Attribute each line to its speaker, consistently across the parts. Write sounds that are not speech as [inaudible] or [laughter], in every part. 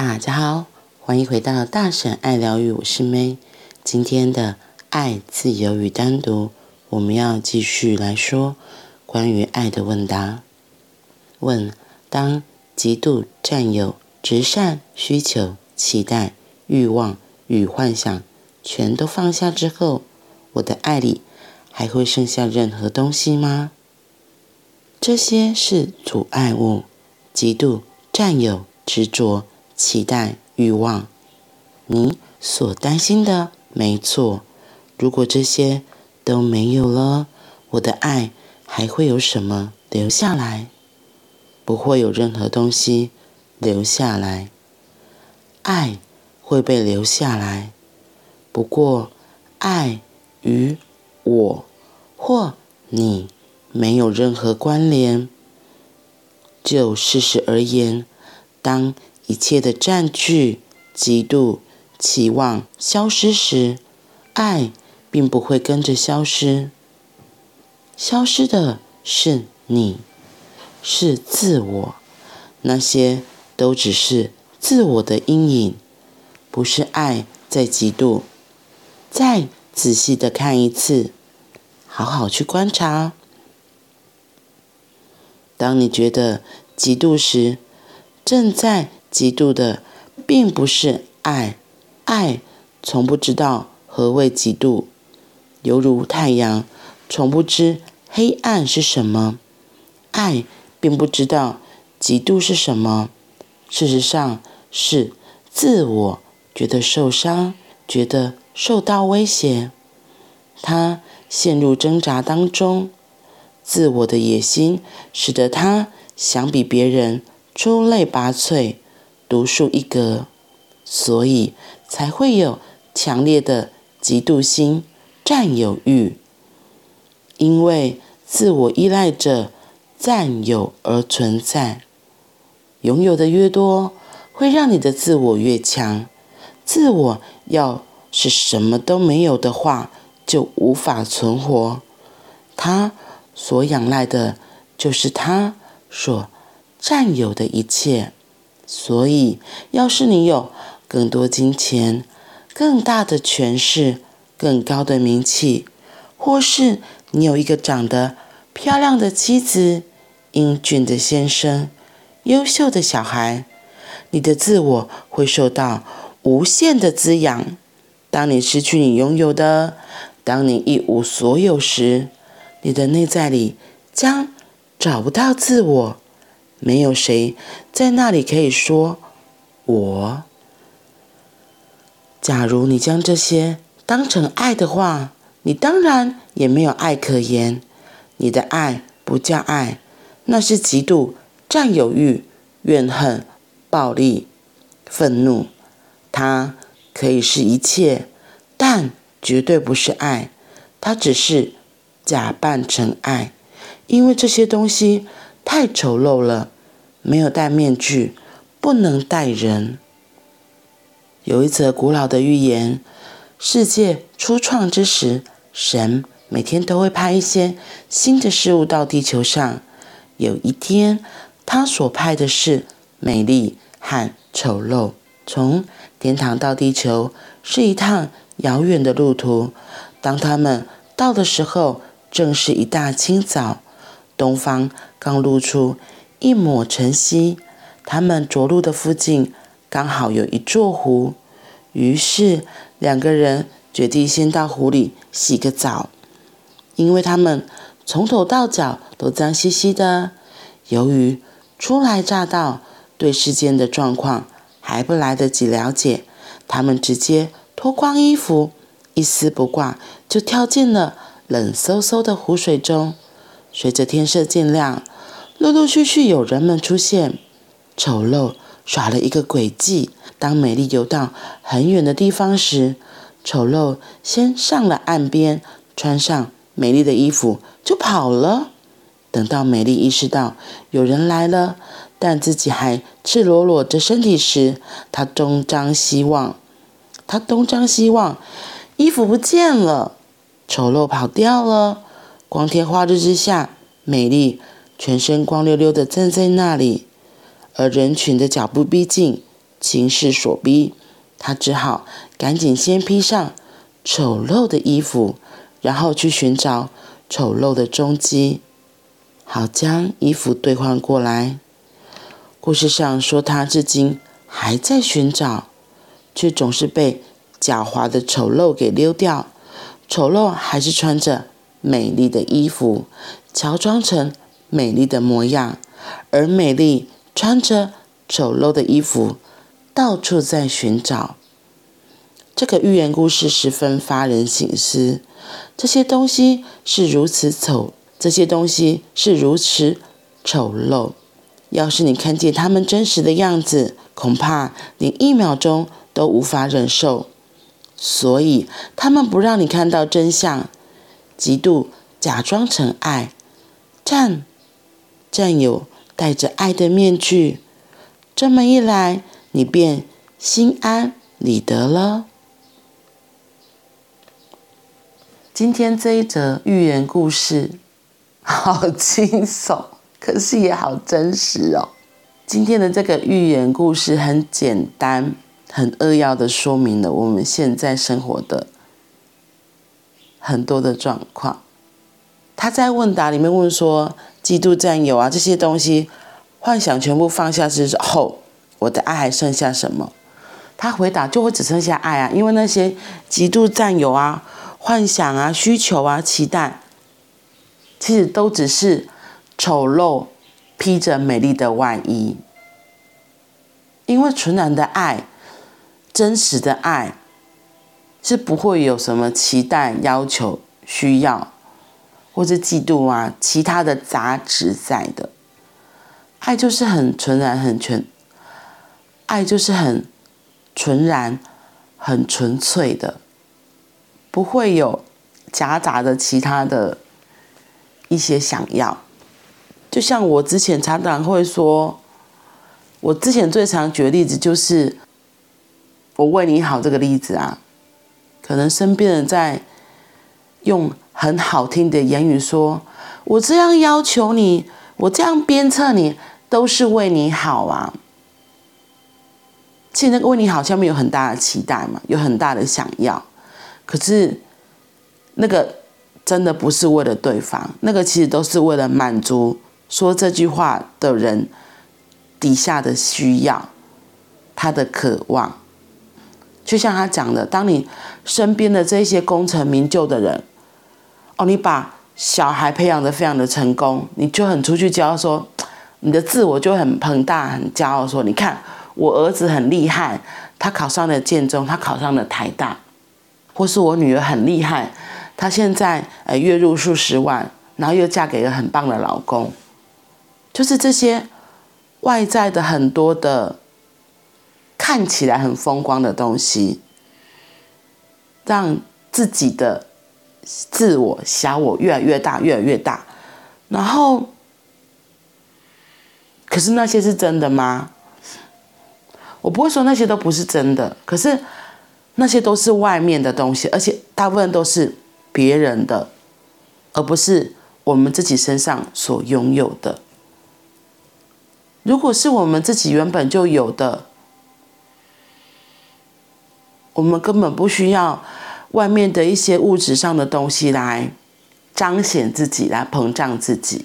Speaker 1: 大家好，歡迎回到大神愛療癒，我是 May。今天的愛、自由與單獨，我們要繼續來說關於愛的問答。問：當嫉妒、佔有、執著、需求、期待、欲望與幻想全都放下之後，我的愛裡還會剩下任何東西嗎？這些是阻礙物，嫉妒、佔有、執着。期待、欲望，你所擔心的，沒錯。如果這些都沒有了，我的愛還會有什麼留下來？不會有任何東西留下來。愛會被留下來，不過愛與我或你沒有任何關聯。就事實而言，當一切的佔據、嫉妒、期望消失時，愛並不會跟着消失。消失的是你，是自我，那些都只是自我的陰影，不是愛在嫉妒。再仔細的看一次，好好去觀察。當你覺得嫉妒時，正在，嫉妒的，並不是愛，愛從不知道何謂嫉妒，猶如太陽，從不知黑暗是什麼。愛並不知道嫉妒是什麼。事實上，是自我覺得受傷，覺得受到威脅，他陷入掙扎當中。自我的野心使得他想比別人出類拔萃。獨樹一格，所以才會有強烈的嫉妒心、佔有慾。因為自我依賴着佔有而存在，擁有的越多，會讓你的自我越強。自我要是什麼都沒有的話，就無法存活。他所仰賴的，就是他所佔有的一切。所以，要是你有更多金錢、更大的權勢、更高的名氣，或是你有一個長得漂亮的妻子、英俊的先生、優秀的小孩，你的自我會受到無限的滋養。當你失去你擁有的，當你一無所有時，你的內在裡將找不到自我。沒有誰在那裡可以說我。假如你將這些當成愛的話，你當然也沒有愛可言。你的愛不叫愛，那是嫉妒、佔有慾、怨恨、暴力、憤怒。它可以是一切，但絕對不是愛。它只是假扮成愛，因為這些東西。太醜陋了，沒有戴面具，不能待人。有一則古老的寓言：世界初創之時，神每天都會派一些新的事物到地球上。有一天，他所派的是美麗和醜陋。從天堂到地球是一趟遙遠的路途。當他們到的時候，正是一大清早。東方剛露出一抹晨曦，他們着陸的附近剛好有一座湖，於是兩個人決定先到湖裡洗個澡，因為他們從頭到腳都髒兮兮的。由於初來乍到，對世間的狀況還不來得及了解，他們直接脫光衣服，一絲不掛，就跳進了冷颼颼的湖水中。隨着天色漸亮，陸陸續續有人們出現。醜陋耍了一個詭計。當美麗游到很遠的地方時，醜陋先上了岸邊，穿上美麗的衣服就跑了。等到美麗意識到有人來了，但自己還赤裸裸着身體時，她東張西望。她東張西望，衣服不見了，醜陋跑掉了。光天化日之下，美麗全身光溜溜的站在那裡，而人群的腳步逼近，情勢所逼，他只好趕緊先披上醜陋的衣服，然後去尋找醜陋的蹤跡，好將衣服兌換過來。故事上說，他至今還在尋找，卻總是被狡猾的醜陋給溜掉。醜陋還是穿着。美麗的衣服，喬裝成美麗的模樣，而美麗穿着醜陋的衣服，到處在尋找。這個寓言故事十分發人省思。這些東西是如此醜，這些東西是如此醜陋。要是你看見他們真實的樣子，恐怕連一秒鐘都無法忍受。所以他們不讓你看到真相。嫉妒假裝成愛，佔、佔有戴着愛的面具，這麼一來，你便心安理得了。今天這一則寓言故事，好輕鬆，可是也好真實哦。今天的這個寓言故事很簡單，很扼要的說明了我們現在生活的。很多的狀況，他在問答裡面問說：極度占有啊，這些東西，幻想全部放下之後，我的愛還剩下什麼？他回答：就會只剩下愛啊，因為那些極度占有啊、幻想啊、需求啊、期待，其實都只是醜陋披着美麗的外衣，因為純然的愛，真實的愛。是不會有什麼期待、要求、需要，或者嫉妒啊，其他的雜質在的。愛就是很純然、很純，愛就是很純然、很純粹的，不會有夾雜的其他的一些想要。就像我之前常常會說，我之前最常舉的例子就是我為你好這個例子啊。可能身邊人在用很好聽的言語說：“我這樣要求你，我這樣鞭策你，都是為你好啊。”其實那個為你好，下面有很大的期待嘛，有很大的想要。可是那個真的不是為了對方，那個其實都是為了滿足說這句話的人底下的需要，他的渴望。就像他講的，當你身邊的這些功成名就的人，哦，你把小孩培養的非常的成功，你就很出去教說，你的自我就很膨大，很驕傲說，你看我兒子很厲害，他考上了建中，他考上了台大，或是我女兒很厲害，她現在呃月入數十萬，然後又嫁給了很棒的老公，就是這些外在的很多的。看起來很風光的東西，讓自己的自我，小我越來越大，越來越大。然後，可是那些是真的嗎？我不會說那些都不是真的，可是那些都是外面的東西，而且大部分都是別人的，而不是我們自己身上所擁有的。如果是我們自己原本就有的。我們根本不需要外面的一些物質上的東西來彰顯自己，來膨脹自己。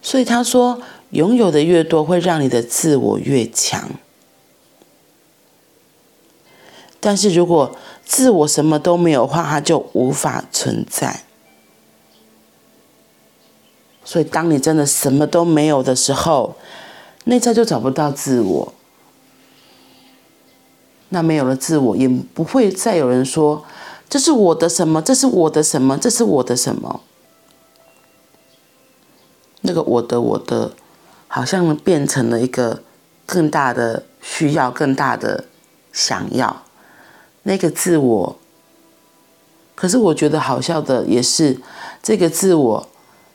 Speaker 1: 所以他說，擁有的越多，會讓你的自我越強。但是如果自我什麼都沒有的話，它就無法存在。所以，當你真的什麼都沒有的時候，內在就找不到自我，那沒有了自我，也不會再有人說這是我的什麼，這是我的什麼，這是我的什麼。那個我的我的，好像變成了一個更大的需要，更大的想要那個自我。可是我覺得好笑的也是，這個自我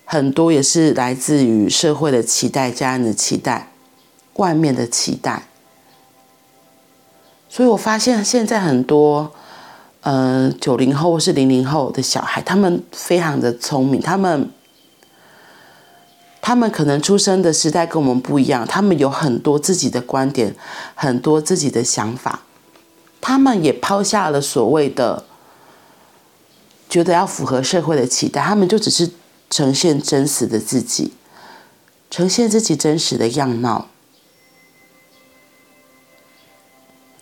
Speaker 1: 很多也是來自於社會的期待，家人的期待。外面的期待，所以我發現現在很多，呃，九零後或是零零後的小孩，他們非常的聰明，他們，他們可能出生的時代跟我們不一樣，他們有很多自己的觀點，很多自己的想法，他們也拋下了所謂的，覺得要符合社會的期待，他們就只是呈現真實的自己，呈現自己真實的樣貌。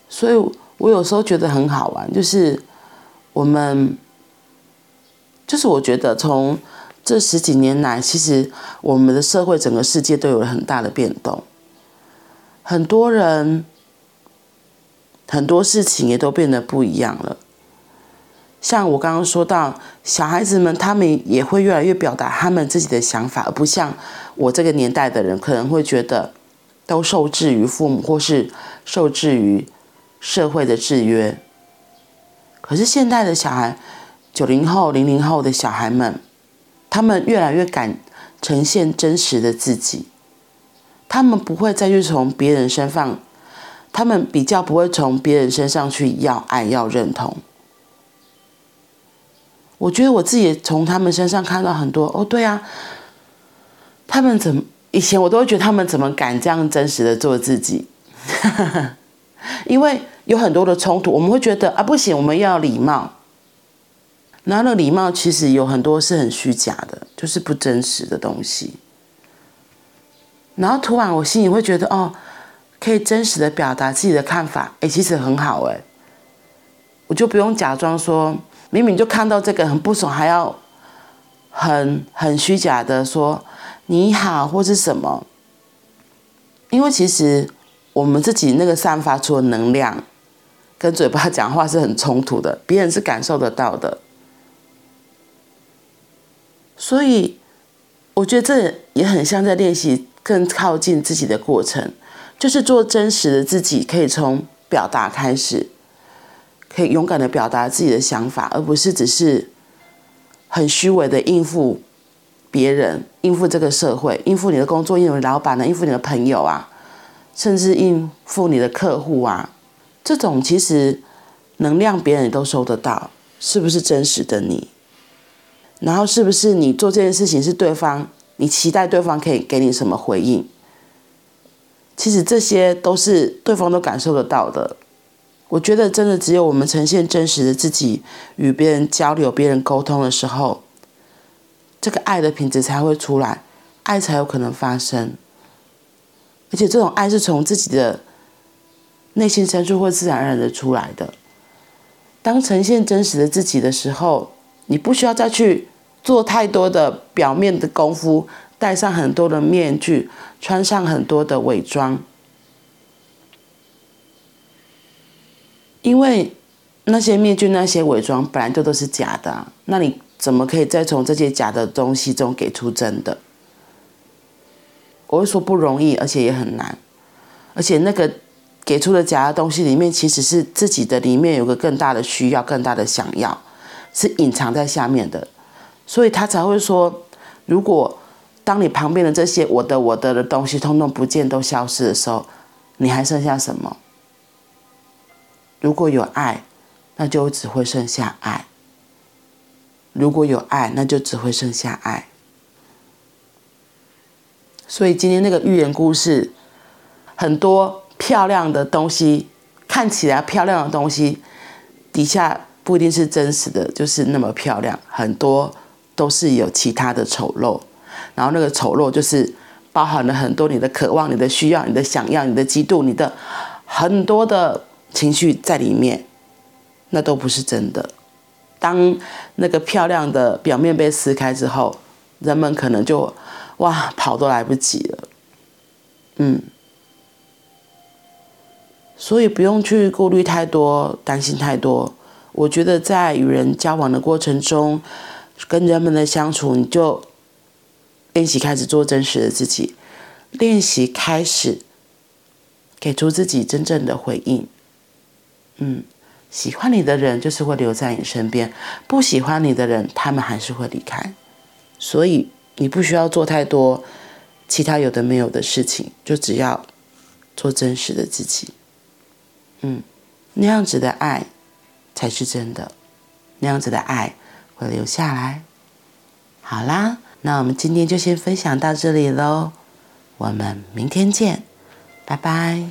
Speaker 1: 所以，我有時候覺得很好玩，就是我們，就是我覺得從這十幾年來，其實我們的社會整個世界都有了很大的變動，很多人，很多事情也都變得不一樣了。像我剛剛說到，小孩子們他們也會越來越表達他們自己的想法，而不像我這個年代的人，可能會覺得都受制於父母，或是受制於。社會的制約，可是現代的小孩，九零後、零零後的小孩們，他們越來越敢呈現真實的自己，他們不會再去從別人身上，他們比較不會從別人身上去要愛、要認同。我覺得我自己從他們身上看到很多哦，對啊，他們怎麼以前我都會覺得他們怎麼敢這樣真實的做自己。 [laughs] 因為有很多的衝突，我們會覺得啊，不行，我們要禮貌。然後那個禮貌其實有很多是很虛假的，就是不真實的東西。然後突然我心裡會覺得哦，可以真實的表達自己的看法，哎、欸，其實很好哎，我就不用假裝說，明明就看到這個很不爽，還要很很虛假的說你好或是什麼，因為其實。我們自己那個散發出的能量，跟嘴巴講話是很衝突的，別人是感受得到的。所以，我覺得這也很像在練習更靠近自己的過程，就是做真實的自己，可以從表達開始，可以勇敢的表達自己的想法，而不是只是很虛偽的應付別人、應付這個社會、應付你的工作、應付老闆呢、應付你的朋友啊。甚至應付你的客戶啊，這種其實能量別人都收得到，是不是真實的你？然後是不是你做這件事情是對方，你期待對方可以給你什麼回應？其實這些都是對方都感受得到的。我覺得真的只有我們呈現真實的自己，與別人交流、別人溝通的時候，這個愛的品質才會出來，愛才有可能發生。而且這種愛是從自己的內心深處會自然而然的出來的。當呈現真實的自己的時候，你不需要再去做太多的表面的功夫，戴上很多的面具，穿上很多的偽裝，因為那些面具、那些偽裝本來就都是假的。那你怎麼可以再從這些假的東西中給出真的？我會說不容易，而且也很難，而且那個給出的假的東西裡面，其實是自己的裡面有個更大的需要，更大的想要，是隱藏在下面的，所以他才會說，如果當你旁邊的這些我的我的的東西通通不見都消失的時候，你還剩下什麼？如果有愛，那就只會剩下愛；如果有愛，那就只會剩下愛。所以今天那個寓言故事，很多漂亮的東西，看起來漂亮的東西，底下不一定是真實的，就是那麼漂亮，很多都是有其他的醜陋，然後那個醜陋就是包含了很多你的渴望、你的需要、你的想要、你的嫉妒、你的很多的情緒在裡面，那都不是真的。當那個漂亮的表面被撕開之後，人們可能就，哇，跑都來不及了，嗯，所以不用去顧慮太多，擔心太多。我覺得在與人交往的過程中，跟人們的相處，你就練習開始做真實的自己，練習開始給出自己真正的回應。嗯，喜歡你的人就是會留在你身邊，不喜歡你的人，他們還是會離開。所以你不需要做太多其他有的沒有的事情，就只要做真實的自己。嗯，那樣子的愛才是真的，那樣子的愛會留下來。好啦，那我們今天就先分享到這裡嘍，我們明天見，拜拜。